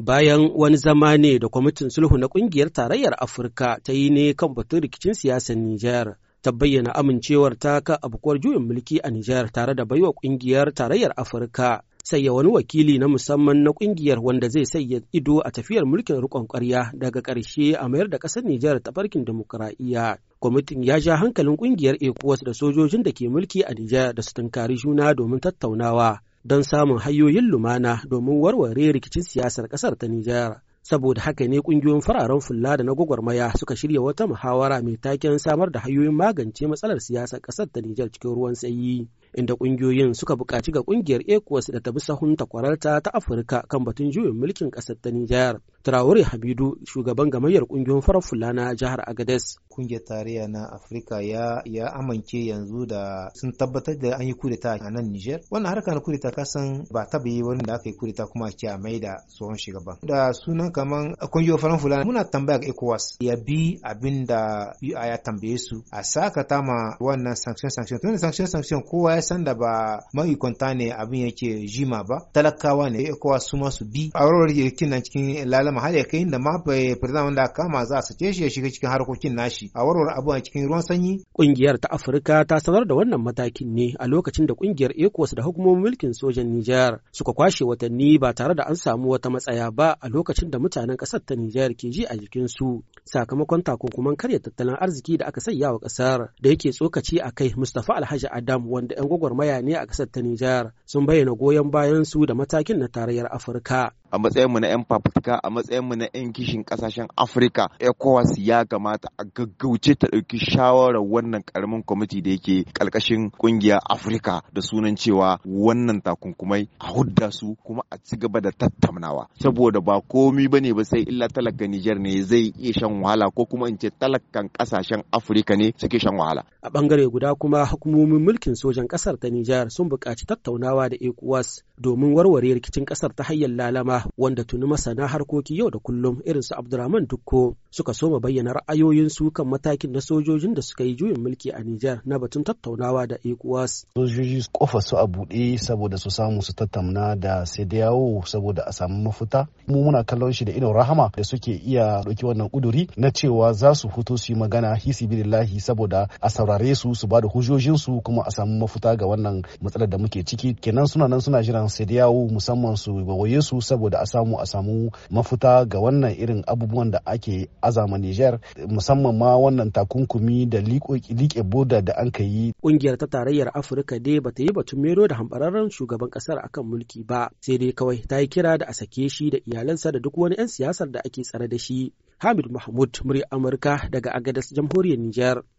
bayan wani zama ne da kwamitin sulhu na ƙungiyar tarayyar Afirka ta yi ne kan batun rikicin siyasar Nijar. ta bayyana amincewar ta kan abokuwar juyin mulki a Nijar tare da baiwa ƙungiyar tarayyar Afirka sayya wani wakili na musamman na ƙungiyar wanda zai sayya ido a tafiyar mulkin rikon ƙwarya daga ƙarshe a mayar da ƙasar Nijar farkin demokuraɗiyya. Kwamitin ya ja hankalin ƙungiyar ECOWAS da sojojin da ke mulki a Nijar da su tunkari juna domin tattaunawa don samun hanyoyin lumana domin warware rikicin siyasar ƙasar ta Nijar. Saboda haka ne ƙungiyoyin fararen fulla da na gwagwarmaya suka shirya wata muhawara mai taken samar da hanyoyin magance matsalar siyasar ƙasar ta Nijar cikin ruwan sanyi. inda ƙungiyoyin suka buƙaci ga ƙungiyar ECOWAS da ta bi sahun takwararta ta Afirka kan batun juyin mulkin ƙasar ta Nijar. Traore Habidu shugaban gamayyar ƙungiyoyin farar fulana jihar Agades. Ƙungiyar tarayya na Afirka ya ya amince yanzu da sun tabbatar da an yi kudeta a nan Nijar. Wannan harka na kudeta ka san ba ta bi wani da aka yi kudeta kuma ake a da tsohon shugaban. Da sunan kaman ƙungiyoyin farar fulana muna tambaya ga ECOWAS ya bi abin da ya tambaye su a sakata ma wannan sanction sanction tun sanction sanction kowa ya san da ba mahikwanta ne abin yake jima ba talakawa ne eh, kowa su ma su bi a rawar yankin nan cikin lalama har ya kai da ma bai firza wanda kama za su ce shi ya shiga cikin harkokin nashi a warwar abu cikin ruwan sanyi kungiyar ta afirka ta sanar da wannan matakin ne a lokacin da kungiyar ecowas da hukumomin mulkin sojan nijar suka kwashe watanni ba tare da an samu wata matsaya ba a lokacin da mutanen kasar ta nijar ke ji a jikin su sakamakon takunkuman karya tattalin arziki da aka sanya wa kasar da yake tsokaci a kai mustapha alhaji adam wanda 'yan gwagwarmaya ne a ƙasar ta Nijar sun bayyana goyon bayan su da matakin na tarayyar Afirka a matsayinmu na 'yan fafutuka a matsayinmu na 'yan kishin kasashen afirka ecowas ya kamata a gaggauce ta ɗauki shawarar wannan karamin kwamiti da yake ƙarƙashin ƙungiyar afirka da sunan cewa wannan takunkumai a hudda su kuma a ci gaba da tattaunawa saboda ba komi ba ne ba sai illa talakan nijar ne zai iya shan wahala ko kuma in ce talakan kasashen afirka ne suke shan wahala a bangare guda kuma hukumomin mulkin sojan ƙasar ta nijar sun buƙaci tattaunawa da ecowas domin warware rikicin ƙasar ta hanyar lalama wanda tuni masana harkoki yau da kullum irin su Abdurrahman Dukko suka soma bayyana ra'ayoyinsu kan matakin na sojojin da suka yi juyin mulki a Nijar na batun tattaunawa da ECOWAS. Sojoji kofa su a buɗe saboda su samu su tattauna da yawo saboda a samu mafuta Mu muna kallon shi da idon rahama da suke iya ɗauki wannan kuduri na cewa za su fito su yi magana hisi billahi saboda a saurare su su ba da hujojinsu kuma a samu mafuta ga wannan matsalar da muke ciki. Kenan suna nan suna jiran yawo musamman su bawaye su saboda da a samu a samu mafita ga wannan irin abubuwan da ake azama Niger musamman ma wannan takunkumi da liƙe boda da an ka yi. Ƙungiyar ta tarayyar Afirka dai ba ta yi batun mero da hambararren shugaban ƙasar akan mulki ba sai dai kawai ta yi kira da a sake shi da iyalansa da duk wani 'yan siyasar da ake tsare da shi. Hamid Mahmud, murya Amurka daga Agadas, Jamhuriyar niger.